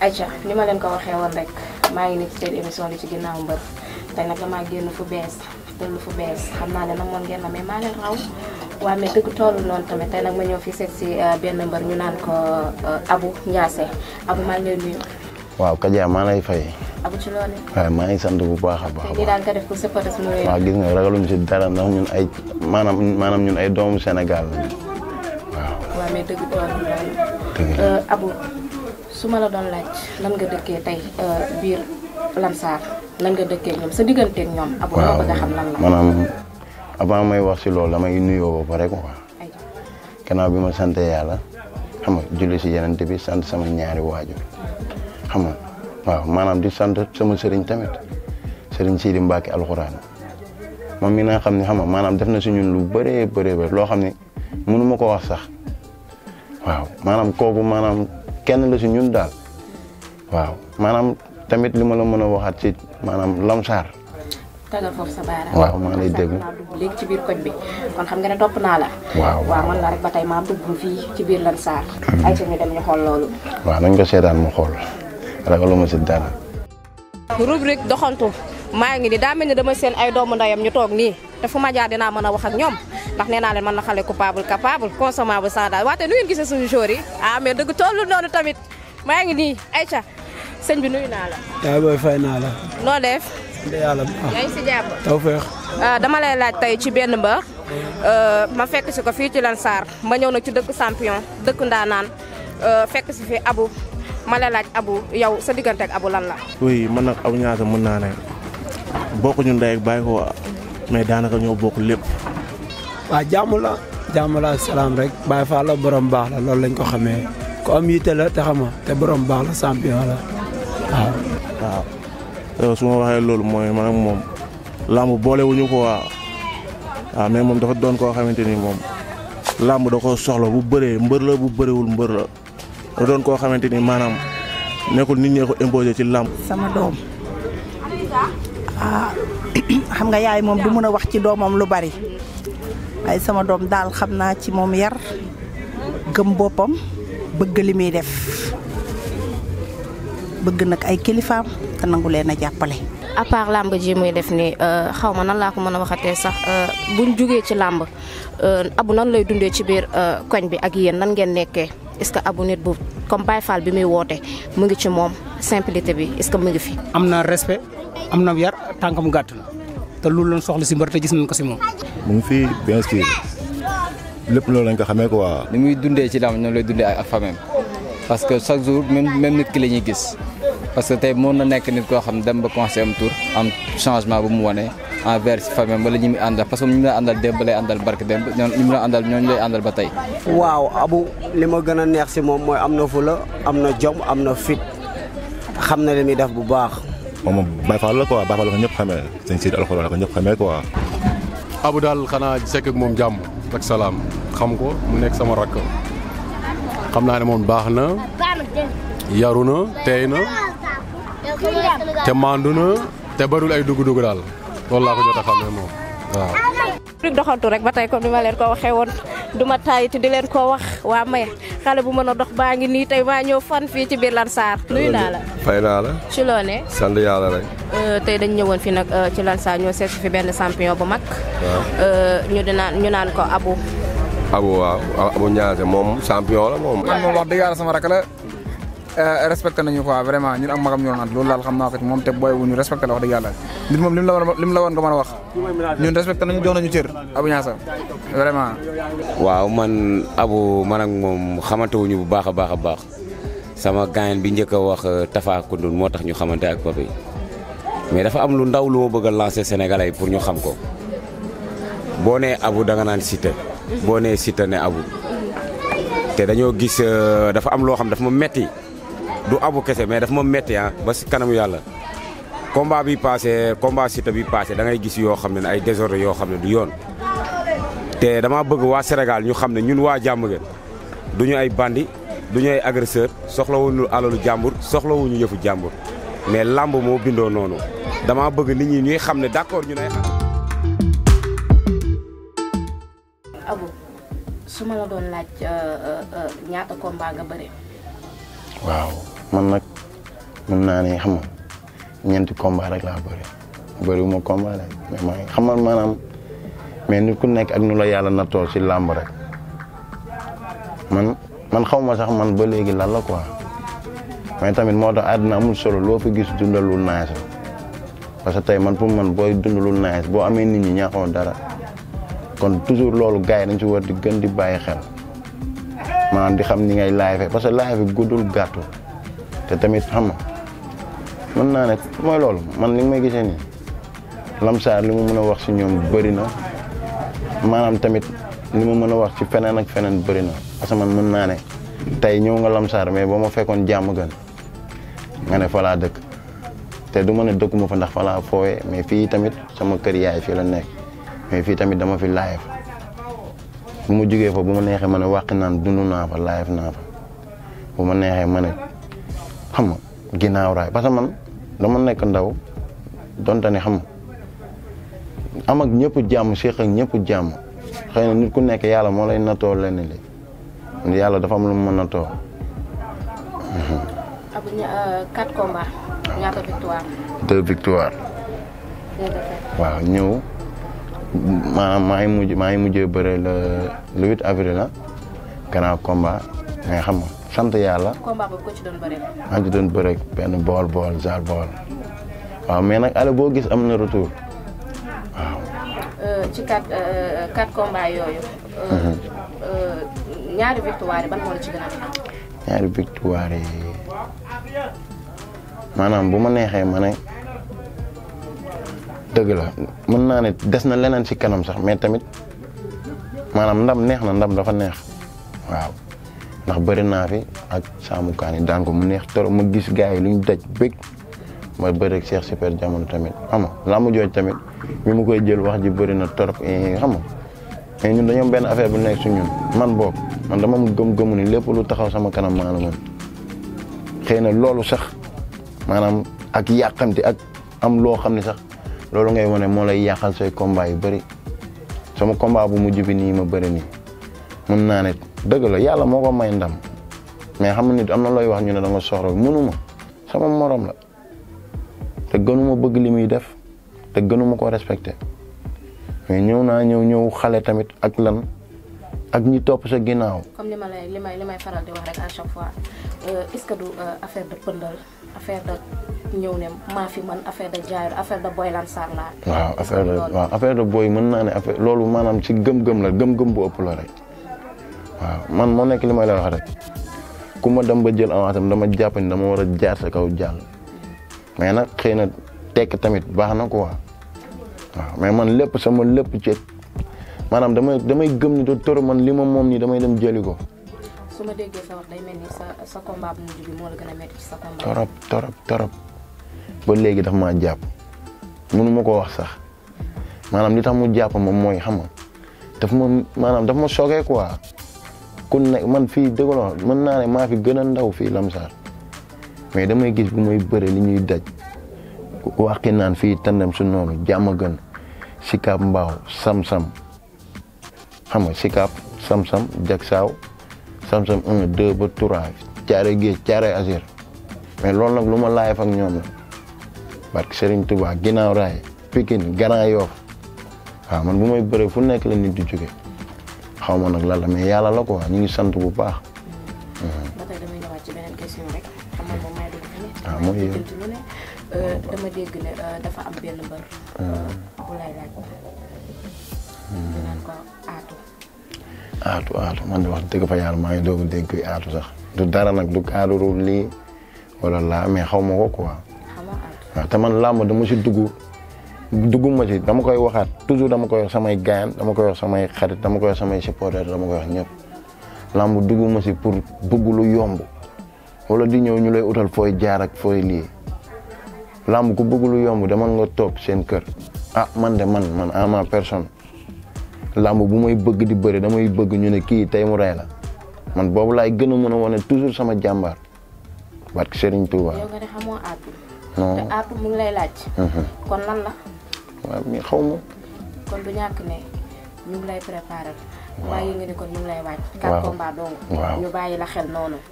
Aïcha li ma leen ko waxee woon rek maa ngi nekk ci seen émission li ci ginnaaw mbër tey nag damaa génn fu bees tollu fu bees xam naa ne nag moon ngeen maa leen raw waaw fi seet si euh, benn euh, maa ngi lay nuyu. waaw Kaja maa lay fay. Abou ci loolu. waaw maa ngi sant bu baax a baax. te lii gis nga ragaluñ ci dara ndax ñun ay maanaam maanaam ñun ay doomu Sénégal waaw. waaw mais dëgg noonu. Euh, Abou. su ma la doon laaj lan nga dëkkee tey euh, biir Lansar lan nga dëkkee ñoom sa digganteeg ñoom. ab loo bëgg a xam lan la maanaam avant may wax si loolu damay nuyoo ba pare quoi. gannaaw bi ma santee yàlla xam julli si yenente bi sant sama ñaari waajur xam nga waaw maanaam di sant sama sëriñ tamit sëriñ Sidi Mbacke alxuraan moom mi naa xam ne xam maanaam def na si ñun lu bëree bëree loo xam ne mënu ko wax sax waaw maanaam kooku maanaam. kenn la si ñun daal waaw maanaam tamit li ma la mën a waxaat ci maanaam lamsaar tagal foofu waaw maa lay dégg léegi ci biir koñ bi kon xam nga ne topp naa la waaw waaw la rek ba tey maa dugg fii ci biir lamsaar hmm. ay ci ñu dem ñu xool loolu waaw nañ ko seddaan mu xool ragaluma si dara rubrique doxantu maa ngi ni daa mel ni dama seen ay doomu nda ndeyam ñu toog nii te fu ma jaar dinaa mën a wax ak ñoom ndax ne naa leen mën na xale coupable capable consommable sans daal waate nu ngeen gisee suñu jour yi ah mais dëgg tollu noonu tamit maa ngi nii Aïcha sëñ bi nuyu naa la. yaa booy fay naa la. noo def. sant yàlla bu baax ah, dama lay laaj tey ci benn mbër euh, ma fekk si ko fii ci Lansar ma ñëw na ci dëkk champion dëkk ndaanaan euh, fekk si fi Abou ma lay laaj Abou yow sa diggante ak lan la. oui man naa ne. bokkuñu ñu ak bàyyi ko mais daanaka ñoo bokk lépp. waaw jàmm la jàmm rek Baye Fall la borom baax la loolu lañ ko xamee ku am yitte la te xam nga te borom baax la champion la waaw. waaw su waxee loolu mooy man moom làmb boolewuñu ko waa waaw mais moom dafa doon koo xamante ni moom làmb da koo soxla bu bëree mbër la bu bëriwul mbër la da doon koo xamante ni maanaam nekkul nit ñee ko imposé ci làmb. sama doom. xam nga yaay moom du mën a wax ci doomam lu bari ay sama doom daal xam naa ci moom yar gëm boppam bëgg li muy def bëgg nag ay kilifaam te nangu leen a jàppale à part lamb ji muy def ni euh, xaw ma nan laa ko mën a waxatee sax euh, buñ jugee ci lamb euh, abu nan lay dundee ci biir koñ bi ak yéen nan ngeen nekkee est ce que abu nit bu comme Baye Fall bi muy woote mu ngi ci moom simplicité bi est ce que mu ngi fi am na respect am na yar tànkam gàtt na te loolu lañ soxla si mbër te gis nañ ko si moom. mu ngi fi bien sûr lépp loolu lañ ko xamee quoi. ni muy dundee ci làmb ñoom lay dundee ak famille parce que chaque jour même même nit ki la ñuy gis parce que tey mën na nekk nit koo xam dem ba commencé am tour am changement bu mu wane envers famille wala ñi muy àndal parce que ñu ngi lay àndal démb lay àndal barke démb ñoom ñu lay àndal ba tey. waaw Abu li ma gën a neex si moom mooy am na fula am na jom am na fit xam na li bu baax. moom Baye Fall la quoi Baye Fall la ko ñëpp xamee sëñ Sidi Alxuraan la ko ñëpp xamee quoi. Abou daal xanaa sekk ak moom jàmm ak salaam xam ko mu nekk sama rakk xam naa ne moom baax na yaru na teey na te mandu na te barul ay dugg-dugg daal loolu laa ko jot a xam moom waaw. doxantu rek ba tey comme ni ma leen ko waxee woon du ma di leen ko wax waa Maya. xale bu ma a dox baa ngi nii tey maa ñëw fan fii ci biir Lansar. nuyu naa la fay naa la. ci loo ne. rek. Euh, tey dañ ñëwoon fii nag euh, ci Lansar ñoo seet fi benn champion bu mag. Euh, ñu di naan ñu naan ko abu Abou waaw Abou Niasse moom champion la moom. man moom wax dëgg yàlla sama rakk la. Eh, respecté nañu quoi vraiment ñun ak magam ñoo nan loolu dal xamna ko ci té te wu ñu respecté la wax dëgg yalla nit mom lim la lim la won nga mëna wax ñun respecté nañu jox nañu cër abu ñaasa vraiment waaw man abou man ak mom xamantewuñu bu ñu bu baaxa baaxa baax sama gaayen bi njëkk wax eh, tafa kundun ñu xamanté ak papa mais dafa am lu ndaw lu ma bëgg lancer sénégalais pour ñu xam ko boo nee abu da nga nan cité boo nee site ne abu te dañoo gis eh, dafa am lo xam dafa ma metti du abu kese mais daf ma métti ah, ba si kanamu yàlla combat bi passé combat Siteu bi passé da ngay gis yoo xam ne ay désordre yoo xam ne du yoon te dama bëgg waa Sénégal ñu xam ne ñun waa Diamaguène du ñu ay bandi du ñu ay wu soxlawuñu alalu jàmbur soxlawuñu yëfu jàmbur mais làmb moo bindoo noonu dama bëgg nit ñi ñuy xam ne d'accord ñu nay abu su ma la doon laaj euh, euh, euh, ñaata combat nga bëri waaw man nag mën naa ne xam nga ñeenti combat rek laa bëri bëriwuma combat rek mais maa ngi xamal mais nit ku nekk ak nu la yàlla nattoo ci làmb rek man man xaw ma sax man ba léegi lan la quoi mais tamit moo tax àddina amul solo loo fi gis dundalul naaj parce que tey man pour man booy dundalul naaj boo amee nit ñi ñaaxoo dara kon toujours loolu gars yi dañ ci war di gën di bàyyi xel maanaam di xam ni ngay laaj parce que laaj bi guddul te tamit xam nga mën naa ne mooy loolu man li may gisee nii lamsaar li mu mën a wax si ñoom bëri na maanaam tamit li mu mën a wax ci feneen ak feneen bëri na parce que man mën naa ne tey ñëw nga lamsaar mais boo ma fekkoon gën nga ne fa dëkk ne dëkkuma fa ndax fa mais tamit sama kër yaay fii la nekk mais fii tamit dama fi live bu ma jógee fa bu ma fa live fa bu ma xam nga parce que man dama nekk ndaw donte ne xam am ak ñëpp jàmm séq ak ñëpp jàmm xëy nit ku nekk yàlla moo lay natoo lenn li yàlla dafa am lu mu mën a natoo. Mhm. ab euh, quatre victoire. waaw ñëw maanaam ngi mujj maa ngi mujjee bëre le le avril la grand combat mais xam sant yàlla. combat maa ngi ci doon bëree benn bool bool jaar bool waaw mais nag ale boo gis am na retour waaw. Euh, ci quatre euh, euh, quatre yooyu. Mhm. ñaari victoire ban moo maanaam bu ma neexee ma ne dëgg la mën naa ne des na leneen ci kanam sax mais tamit maanaam ndam neex na ndam dafa neex waaw. ndax bari naa fi ak saamukaan yi daan ko mu neex toro ma gis gaay yi lu ñu daj bëgg ma bëri ak Cheikh Super jamono tamit xam nga mu jooj tamit bi mu koy jël wax ji bëri na torop eh, xam nga eh, ñun dañoo benn affaire bu nekk su ñun man boog man dama gëm ni lépp lu taxaw sama kanam maa la mën xëy na loolu sax maanaam ak yàqamti ak am loo xam ne sax loolu ngay wane moo lay yàqal say combat yu bëri sama combat bu mujj bi nii ma bëri nii mun naa ne dëgg la yàlla moo ko may ndam mais xam nga nit am na looy wax ñu ne da nga soxla mënuma sama moroom la te gënuma bëgg li muy def te gënuma ko respecté mais ñëw naa ñëw ñëw xale tamit ak lan ak ñi topp sa ginnaaw. comme li ma lay li may waaw affaire de waaw mën naa ne affaire loolu maanaam ci gëm-gëm la gëm-gëm bu ëpp la rek. waaw man moo nekk li may la wax rek ku ma dem ba jël avance dama jàpp ni dama war a jaar sa kaw jàll mais nag xëy na tekk tamit baax na quoi waaw mais man lépp sama lépp ci maanaam damay damay gëm ni tor man li ma moom nii damay dem jëli ko. su ma déggee sa wax day mel ni sa sa combat bu mujj bi moo la gën a métti ci sa combat. torop torop torop ba léegi daf maa jàpp mënu ma ko wax sax maanaam li tax mu jàpp moom mooy xam nga daf ma maanaam daf ma choqué quoi. ku ne man fii dëgg la mën naa ne maa fi gën a ndaw fii Lamsaar mais damay gis bu may bëre li ñuy daj waxi naan fii tandem su noonu jàmm a gën Sikaab Mbaaw Sam-Sam xam nga Sikaab Sam-Sam jag saaw Sam-Sam un deux ba trois caare géej asir mais loolu nag lu ma laay fa ak ñoom la parce que Serigne Touba ginnaaw raay Pikine Grand man bu may bëre fu nekk la nit di xaw ma nag lan la mais yàlla la quoi ñu ngi sant bu baax. ba tey damay ñëwaat ci beneen question rek xam ah, euh, euh, ah. euh, man de wax dëgg fa yàlla maa ngi doog a dégg kuy sax du dara nag du cadre lii wala laa mais xaw ma ko quoi. waaw te man làmb dama si dugg. dugguma ci dama koy waxat toujours dama koy wax samay gaan dama koy wax samay xarit dama koy wax samay supporter dama koy wax ñep lamb dugguma ci pour bëgg lu yomb wala di ñew ñu lay utal fooy jaar ak foy li lamb ku bëgg lu yomb dama nga top seen kër ah man de man man ama personne lamb bu may bëgg di bëre damay bëgg ñu ne ki tay mu ray la man bobu lay gëna mëna mën toujours sama jambar barke Serigne Touba. yow nga ne xamoo app. non te app mu ngi lay laaj. Mhm. kon lan la. waaw mais waaw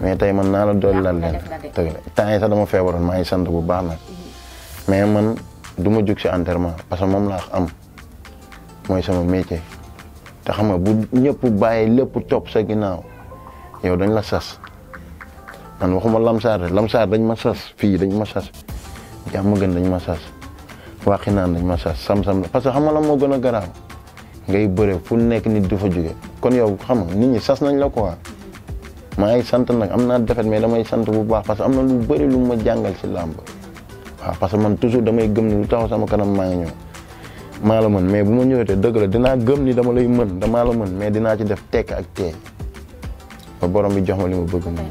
mais tey man naa la dolli laal leen tey temps yi sax dama feebaroon maa ngi sant bu baax nag. Mhm. mais man duma ma jug si enterment parce que moom laa am mooy sama métier. te xam nga bu ñëpp bàyyi lépp topp sa ginnaaw yow dañ la sas man waxuma lamsaar lamsaar dañ ma sas fii dañ ma sas jàmm gën dañ ma sas waaxi naan lañ macha sam-sam parce que xamala mo gëna graw ngay bëre fu nekk nit du fa jóge kon yow xam nit ñi sas nañ la quoi ma ay sant nak amna defet mais damay sant bu baax parce que amna lu bëri lu ma jangal ci lamb wa parce que man toujours damay gëm ni lu taxaw sama kanam ma ngi ñu ma la mën mais bu ma té dëgg la dina gëm ni dama lay mën dama la mën mais dina ci def tek ak té ba borom bi jox ma li ma bëgg moom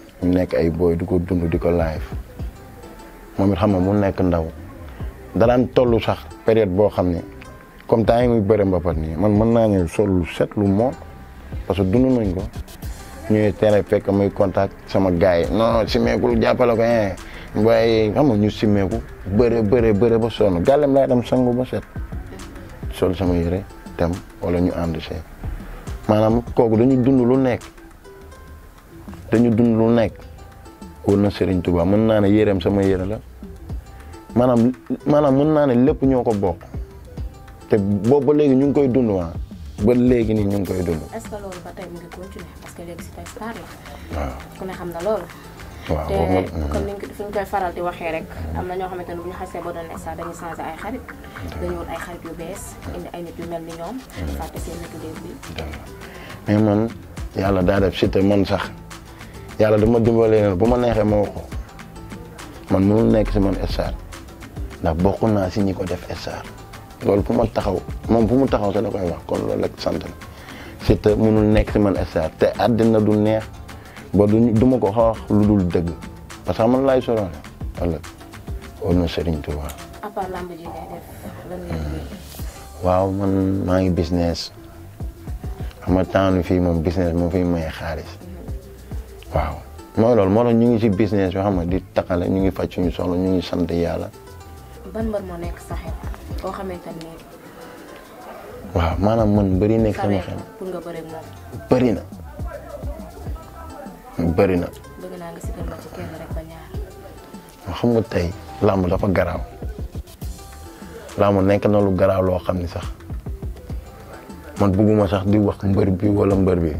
ñu nekk ay booy di ko dund di ko live moom it xam nga mu nekk ndaw danaan tollu sax période boo xam ne comme temps yi muy bëre mbapat nii man mën naa ñëw sol lu set lu moom parce que dund nañ ko ñuy tere fekk muy contact sama gars yi non simeekul jàppale ko eh waaye xam nga ñu simeeku bëre bëre bëre ba sonn gàllem laay dem sangu ba set sol sama yére dem walla ñu ànd see maanaam kooku dañuy dund lu nekk. dañu dund lu nekk wóor na sëriñ Touba mën naa ne yéreem sama yére la maanaam maanaam mën naa ne lépp ñoo ko bokk te boobu léegi ñu ngi koy dund waa ba léegi nii ñu ngi koy dund. est-ce que loolu ba ngi mm. koy faral di waxee rek am na ñoo xamante ne bu ñu xasee ba doon star dañuy changé ay xarit. dañu wut ay xarit yu bees indi ay nit yu mel ni ñoom. Mm. fàtte man yàlla daa def si te man sax. yàlla dama dimbalee noonu bu ma neexee ma wax ko man mënul nekk si man star ndax bokk naa si ñi ko def star loolu fu ma taxaw moom fu mu taxaw sax da koy wax kon loolu rek sant na Siteu mënul nekk si man star te àddina du neex ba du duma ko wax lu dul dëgg parce que man laay soroone ëllëg wóor na Serigne Touba. à hmm. waaw man maa ngi business xam nga temps fii moom business moom fi may xaalis. waaw mooy loolu moo tax ñu ngi ci business yoo xam ne di takkale ñu ngi faj suñu soxla ñu ngi sant yàlla. ban mbër moo nekk sa xel boo xamante ne. waaw maanaam man bëri nekk sama xel. pour nga bëri moom. bëri na bëri na. bëgg naa nga ci gën ma ci kenn rek ba ñaar. xam nga tey làmb dafa garaaw làmb nekk na lu garaaw loo xam ni sax man bugguma sax di wax mbër bi wala mbër bi.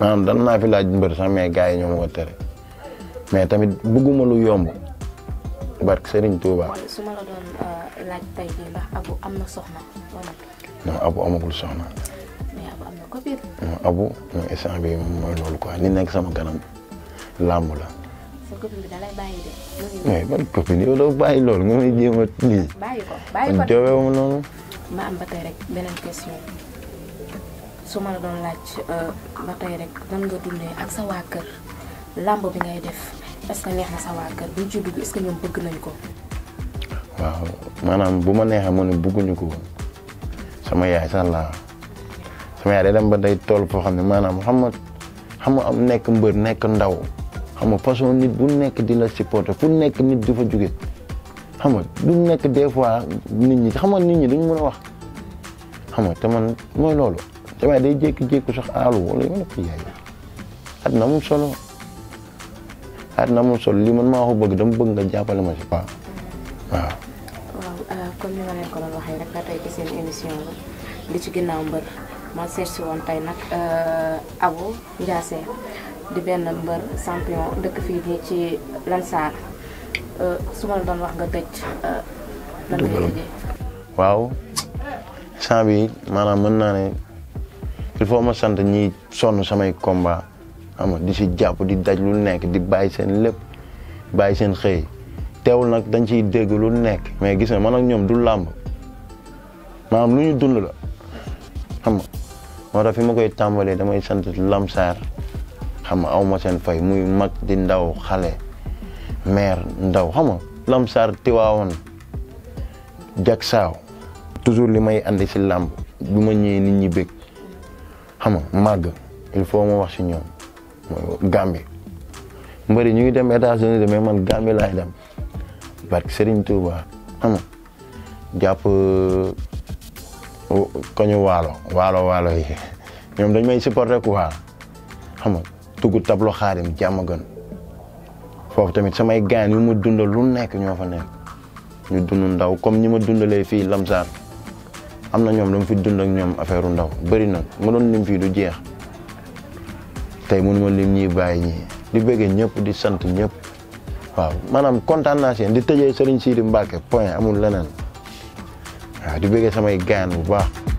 maanaam dan naa fi laaj mbër sax mais gars yi ñoo ma mais tamit bëgguma lu yomb barke Serigne Touba. Euh, Abu am na soxna wala. Abu am na copine. non Abu non instant bi moom mooy loolu quoi li nekk sama kanam làmb la. sa mais ban copine yow doo bàyyi loolu nga may jéem a lii. bàyyi noonu. su ma la doon laaj euh, ba rek nan nga dundee ak sa waa kër làmb bi ngay def est neex na sa waa kër buñ ci dugg est ñoom bëgg nañ ko. waaw maanaam bu ma neexee mu ne bëgguñu ko sama yaay sama yaay ba day tool foo xam ne maanaam xam xam nga am nekk mbër nekk ndaw xam nga façon nit bu nekk di la supporter fu nekk nit di fa jóge xam nekk des fois nit ñi xam nga nit ñi duñ mën a wax xam te man mooy loolu. te waaye day jek jek sax alu wala yi ko yaay àddina mum solo àddina mum solo li man ma ko bëgg dama bëgg nga jappale ma ci pa waaw. waaw comme ni ma ko la waxe rek ba tey ci seen émission la li ci ginnaaw mbeur ma seet won tay nak euh abo ndiasse di ben mbeur champion dekk fi ni ci Lansar euh suma la doon wax nga tecc euh waaw champs mana menarik il faut ma sant ñi sonn samay komba xam nga di si jàpp di daj lu nekk di bàyyi seen lépp bàyyi seen xëy teewul nag dañ ciy dégg lu nekk mais gis nga man ak ñoom du làmb maanaam lu ñu dund la xam nga moo tax fi ma koy tàmbalee damay sant lamsaar xam nga aw ma seen fay muy mag di ndaw xale meer ndaw xam nga lamsaar tiwaawoon jak saaw toujours li may andi si làmb bu ma ñëwee nit ñi bëgg xam màgg il faut mu wax si ñoom mooy Gambie mbëri ñu ngi dem États-Unis de mais man Gambie laay dem barke Serigne Touba xam nga jàpp euh, koñu waalo waalo waalo yi ñoom dañ may supporter quoi xam nga tugg tablo xaarim jàmm gën foofu tamit samay gaañ yu ma dundal lu nekk ñoo fa nekk ñu dund ndaw comme ñi ma dundalee fii Lamsar. am na ñoom dama fi dund ak ñoom affaire ndaw bëri na ma doon lim fii du jeex tey mënuma lim ñiy bàyyi ñi di bëggee ñëpp di sant ñëpp waaw maanaam kontaan naa seen di tëjee Serigne Sidi Mbacke point amul leneen waaw di bëggee samay gaan bu baax.